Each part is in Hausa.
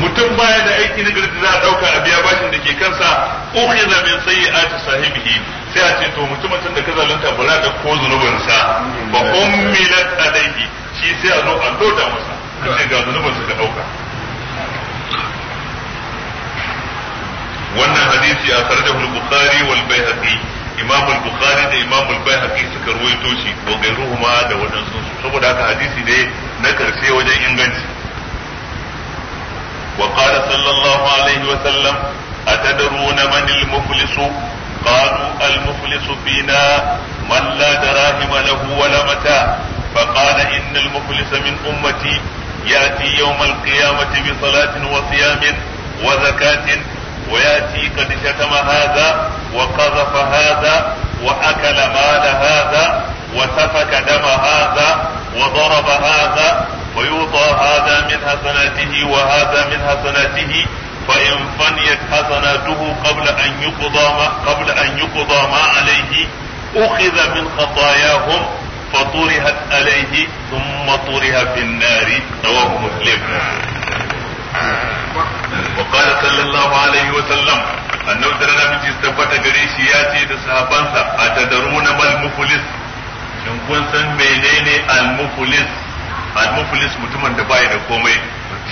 mutum baya da aiki na gari za a dauka a biya bashin da ke kansa ukhiza min sayyi'ati sahibihi sai a ce to mutum tun da ka zalunta bara da ko zunubin sa ba ummilat alayhi shi sai a zo a loda masa a ga zunubin sa ka dauka wannan hadisi a sarjahu al-bukhari wal bayhaqi imam al-bukhari da imam al bayhaqi suka ruwaito shi ko gairuhuma da wadansu saboda haka hadisi ne na karshe wajen inganci وقال صلى الله عليه وسلم أتدرون من المفلس قالوا المفلس فينا من لا دراهم له ولا متاع فقال إن المفلس من أمتي يأتي يوم القيامة بصلاة وصيام وزكاة ويأتي قد شتم هذا وقذف هذا وأكل مال هذا وسفك دم هذا وضرب هذا ويوطى هذا من حسناته وهذا من حسناته فإن فنيت حسناته قبل أن يقضى ما قبل أن يقضى ما عليه أخذ من خطاياهم فطرحت عليه ثم طرح في النار رواه مسلم وقال صلى الله عليه وسلم أن da rana miji tabbata gare shi ya ما da sahabansa a المفلس؟ al-muflis mutumin da bai da komai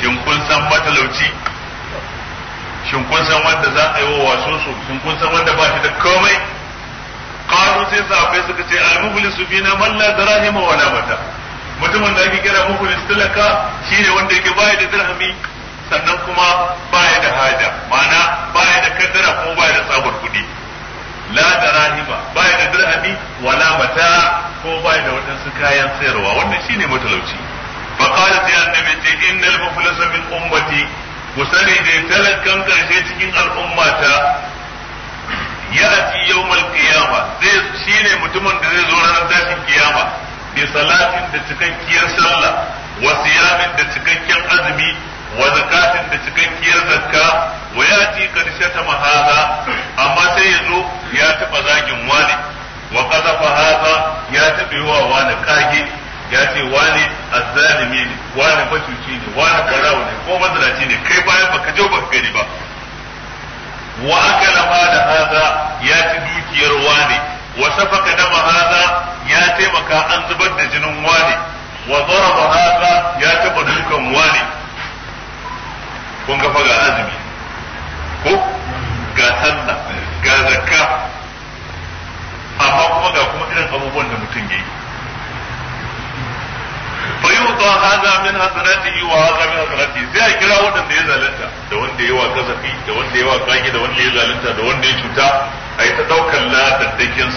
shin kun san matalauci shin kun san wanda za a yi wa wasu su shin kun san wanda ba shi da komai qalu sai sahabbai suka ce al-muflisu fina man la dirahima wala mata mutumin da ake kira muflis talaka shine wanda yake baya da dirhami sannan kuma baya da haja ma'ana baya da kadara ko baya da tsabar kuɗi la da rahiba baya da dirhami wala mata ko baya da waɗansu kayan sayarwa wanda shine matalauci fa qala sai annabi ce innal muflisa min ummati ku sani da talakan karshe cikin al'ummata ya'ti yawmal qiyama zai shine mutumin da zai zo ranar tashin kiyama bi salatin da cikakkiyar sallah wa siyamin da cikakken azumi wa zakatin da cikakkiyar zakka wa ya'ti qad ta hadha qazafa hada ya tabe wa wani kage ya ce wani azzalimi ne wani bacuci ne wani barawo ne ko mazalaci ne kai bayan baka je baka gani ba wa akala mala hadha ya ci dukiyar wani wa safaka dama hadha ya taimaka an zubar da jinin wani wa daraba hadha ya taba dukan wani kun ga faga azumi ko ga sallah ga zakka amma kuma ga kuma irin abubuwan da mutum yayi fa yuta haza min yi wa haza min hasanati sai a kira waɗanda ya zalunta da wanda ya wa kasafi da wanda ya wa kage da wanda ya zalunta da wanda ya cuta a yi ta ɗaukar ladaddakin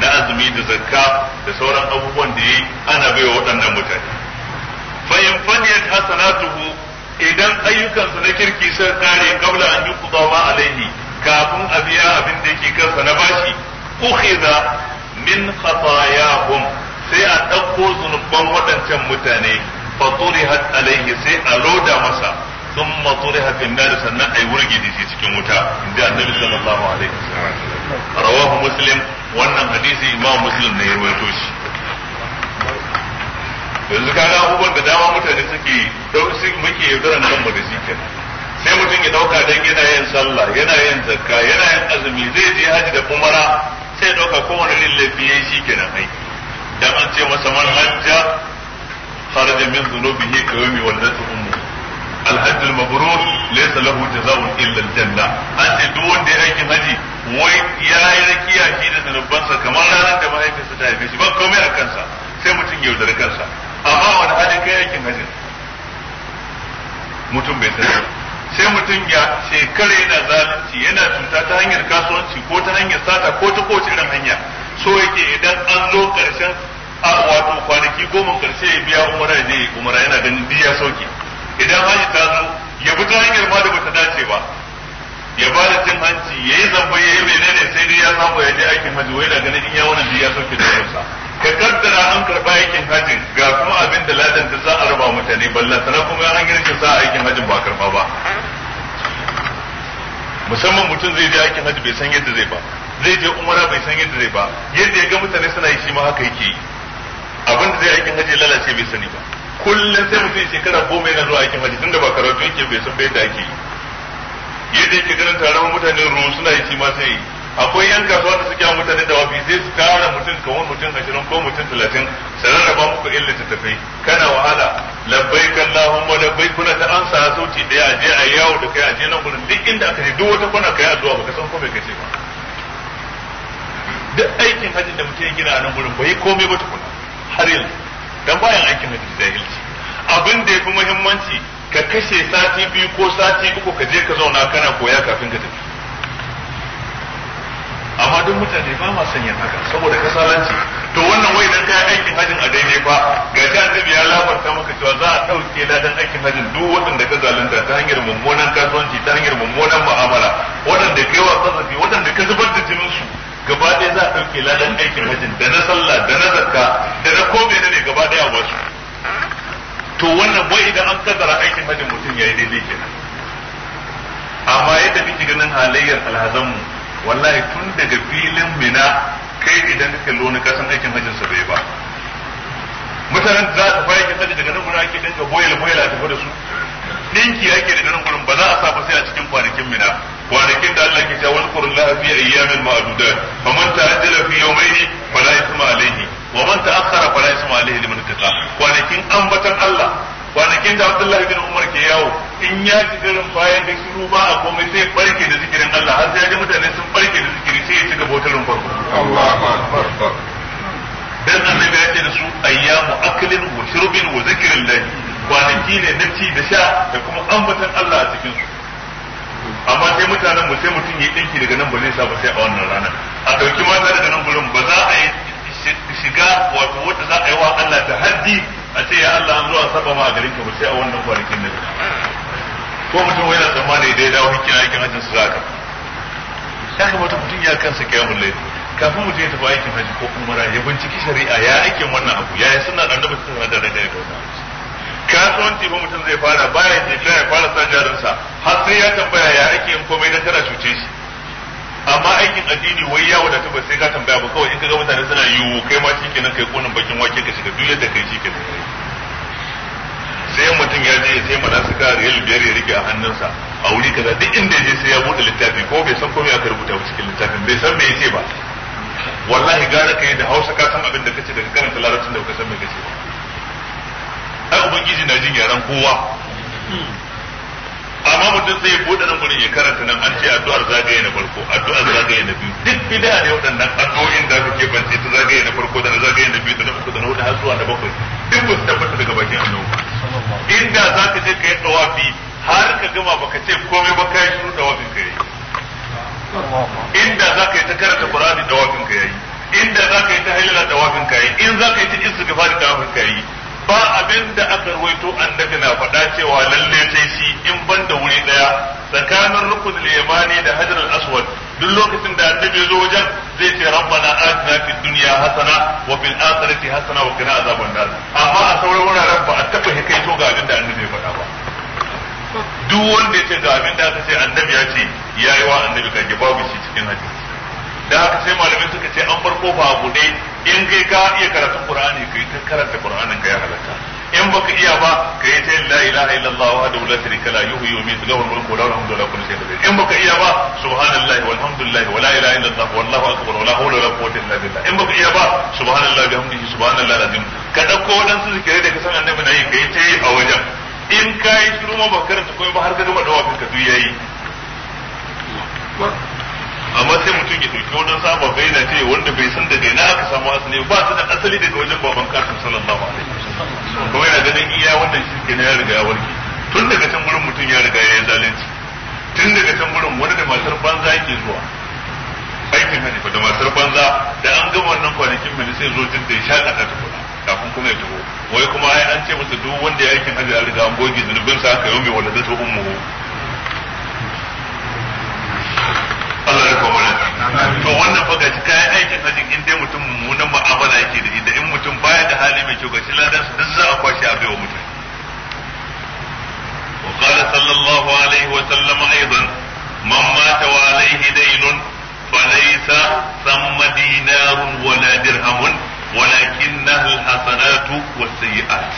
na azumi da zakka da sauran abubuwan da yi ana baiwa waɗannan mutane fa in faniyat hasanatuhu idan ayyukansa na kirki sun kare kabla an yi ma alaihi kafin a biya abin da yake kansa na bashi ukhidha min khatayahum sai a ɗauko zunuban waɗancan mutane fa turihat alaihi sai a loda masa sun maturiha fi nar sannan ai wurgi da shi cikin wuta inda annabi sallallahu alaihi wasallam rawahu muslim wannan hadisi ne ya shi yanzu kaga abubuwan da dama mutane suke dausi muke yaudaran da shi kenan sai mutum ya dauka dan yana yin sallah yana yin zakka yana yin azumi zai je haji da kumara sai ya ɗauka kowane lillafi ya yi shi kenan ai dan an ce masa man hajja kharaja min dhunubihi ka yawmi waladatu ummu الحج المبرور ليس له جزاء الا الجنه انت duk wanda ya aikin haji wai ya yi rakiya shi da zanubansa kamar ranar da mahaifinsa ta haife shi ba komai a kansa sai mutum ya yaudari kansa amma wani hali kai aikin hajin mutum bai sani sai mutum ya shekara yana zalunci yana cuta ta hanyar kasuwanci ko ta hanyar sata ko ta kowace irin hanya so yake idan an zo karshen a wato kwanaki goma karshe ya biya umara ne umara yana ganin biya sauki idan hanyar ta zo ya bi ta hanyar ma da bata dace ba ya ba da cin hanci ya musamman mutum zai je aikin hajji bai san yadda zai ba zai je umara bai san yadda zai ba yadda ya ga mutane suna yi shi ma haka yake yi abin da zai aikin hajji lalace bai sani ba kullum sai mutum shekara goma yana zuwa aikin hajji tunda ba karatu yake bai san yadda ake yi yadda yake ganin taron mutane ruwa suna yi shi ma sai yi akwai yan kasuwa da suke mutane da wafi sai su kara mutum kamar mutum ashirin ko mutum talatin da ba muku ta tafi kana wahala labbai kallahumma labbai kuna ta ansa sauti daya a je a yawo da kai a je nan gurin duk inda aka je duk wata kwana kai addu'a baka san ko bai kace ba duk aikin hajjin da mutum ya gina a nan gurin bai komai ba tukuna har yanzu dan bayan aikin da jahilci abin da yafi muhimmanci ka kashe sati biyu ko sati uku ka je ka zauna kana koya kafin ka tafi duk mutane ba ma sanya haka saboda kasalanci to wannan wai idan kai aikin hajin a daidai fa ga ta annabi ya labarta maka cewa za a dauke ladan aikin hajin duk waɗanda ka zalunta ta hanyar mummunan kasuwanci ta hanyar mummunan mu'amala waɗanda kai wa kasafi waɗanda ka zubar da jinin su gaba ɗaya za a dauke ladan aikin hajin da na sallah da na zakka da na kome ne gaba ɗaya wasu to wannan wai idan an kaddara aikin hajin mutum yayi daidai kenan amma yadda kike ganin halayyar alhazanmu wallahi tun daga filin mina kai idan ka kallo ni kasan aikin hajjin sa bai ba mutanen za su fara kin sani daga nan gurin ake dinga boyel boyel a tafi da su dinki yake daga nan gurin ba za a sa ba sai a cikin kwanakin mina kwanakin da Allah ke cewa wal qur'an la fi ayyamin ma'dudat faman ta'ajjala fi yawmayni fala ithma alayhi wa man ta'akhkhara fala ithma alayhi liman ittaqa kwanakin ambatan Allah kwanakin da Abdullah bin Umar ke yawo in ya ci garin bayan da shiru ba a komai sai barke da zikirin Allah har sai mutane sun barke da zikiri sai ya ci gaba wata rumfar Allahu akbar dan annabi ya ce da su ayyamu aklin wa shurbin wa zikrin lahi kwanaki ne na ci da sha da kuma ambatan Allah a cikin su amma sai mutanen mu sai mutum ya dinki daga nan ba zai sa sai a wannan ranar a dauki mata daga nan gurin ba za a yi shiga wato wata za a yi wa Allah ta haddi a ce ya Allah an zo a saba ma a garin ka ba sai a wannan kwanakin nan ko mutum yana tsammani da ya dawo hakkin aikin hajjin su zaka ya kamata mutum ya kansa mun laifi. kafin mutum ya tafi aikin hajji ko kuma mara ya binciki shari'a ya aikin wannan abu ya yi suna annabi na alaihi wasallam da daidai kasuwanci ba mutum zai fara baya jita ya fara sa jarinsa har sai ya tambaya ya aiki in komai na tara cuce shi amma aikin addini wai ya wadata ba sai ka tambaya ba kawai in ka ga mutane suna yiwu kai ma shi kenan kai kunin bakin wake ka shiga duk yadda kai shi kenan sai mutum ya je sai mana suka riyal biyar ya rike a hannunsa a wuri kaza duk inda je sai ya bude littafi ko bai san komai aka rubuta cikin littafin bai san me yake ba wallahi gara kai da Hausa ka san abin da kace daga karanta larabcin da ka san me kace ai ubangiji na jin yaran kowa amma mutum sai ya bude nan gurin ya karanta nan an ce addu'ar zagaye na farko addu'ar zagaye na biyu duk bid'a ne waɗannan addu'o'in da kake bance ta zagaye na farko da na zagaye na biyu da na uku da na hudu har zuwa na bakwai duk ba su tabbata daga bakin annabi inda za ka je ka yi tawafi har ka gama baka ce komai ba ka yi shiru tawafin ka yayi inda za ka yi ta karanta qur'ani tawafin ka yayi inda za ka yi ta da tawafin ka yayi in za ka yi ta istighfar tawafin ka yayi ba abin da aka rawaito annabi na faɗa cewa lalle sai shi in ban da wuri daya tsakanin rukunin limani da hajar al-aswad duk lokacin da annabi ya zo wajen zai ce rabbana atina fid dunya hasana wa fil akhirati hasana wa qina azaban nar amma a sauran wuraren ba a taba to ga abin da annabi ya faɗa ba duk wanda ya ce ga abin da aka ce annabi ya ce ya yi wa annabi kage babu shi cikin hadisi da haka sai malamin suka ce an farko ba abu ne in kai ka iya karatun qur'ani kai ta karanta qur'anin ka ya halaka in baka iya ba ka yi ta la ilaha illallah wa la shirika la yuhyi wa yumiitu lahu al-mulku wa lahu al-hamdu wa la kulli shay'in in baka iya ba walhamdulillah wala ilaha illallah wallahu akbar wala hawla wala quwwata illa billah in baka iya ba subhanallahi bihamdihi subhanallahi alazim ka dauko wadansu zikirai da ka san annabi na yi kai tai a wajen in kai shiru ma bakar ta komai ba har ka gama dawa ka duk yayi amma sai mutum ya dauki wadan saba bai na ce wanda bai san da na aka samu asali ba su da asali daga wajen baban kasin sallallahu alaihi wasallam kuma yana ganin iya wannan shirke na ya riga ya warke tun daga can gurin mutum ya riga ya yi zalunci tun daga can wurin wani da matar banza yake zuwa aikin hajji fa da matar banza da an gama wannan kwanakin mai sai zo jin da ya sha kada ta kula kafin kuma ya taho wai kuma ai an ce masa duk wanda ya aikin hajji an riga an goge zunubin sa aka yau mai zai ta muhu Allah ya kawo to wannan fa gashi kayan aikin hajji in dai mutum mummunan ma'amala yake da ita in mutum baya da hali mai kyau gashi ladan su duk za a kwashe a bai wa mutane قال صلى الله عليه وسلم أيضا من مات وعليه دين فليس ثم دينار ولا درهم ولكنها الحسنات والسيئات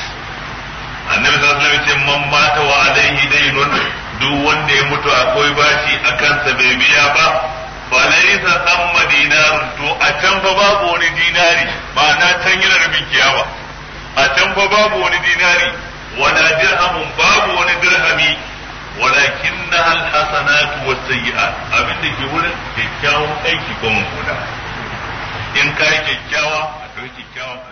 annabi sallallahu alaihi wasallam ce man wanda ya mutu akwai bashi a kansa bai biya ba fa laysa thamma dinarun to a can babu wani dinari ba na can yana rubin kiyawa a can babu wani dinari wala dirhamun babu wani dirhami walakinna al hasanatu was sayyi'at abin da ke wurin kyakkyawan aiki ko mummuna in kai kyakkyawa a kai